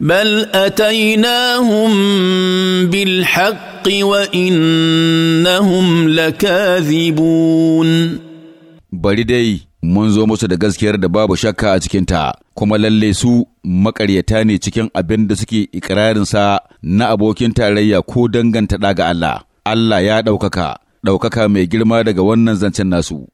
بل اتيناهم بالحق وانهم لكاذبون bari dai mun zo musu da gaskiyar da babu shakka a cikinta kuma lalle su makaryata ne cikin abin da suke ikirarinsa na abokin tarayya ko danganta ɗaga Allah Allah ya ɗaukaka ɗaukaka mai girma daga wannan zancen nasu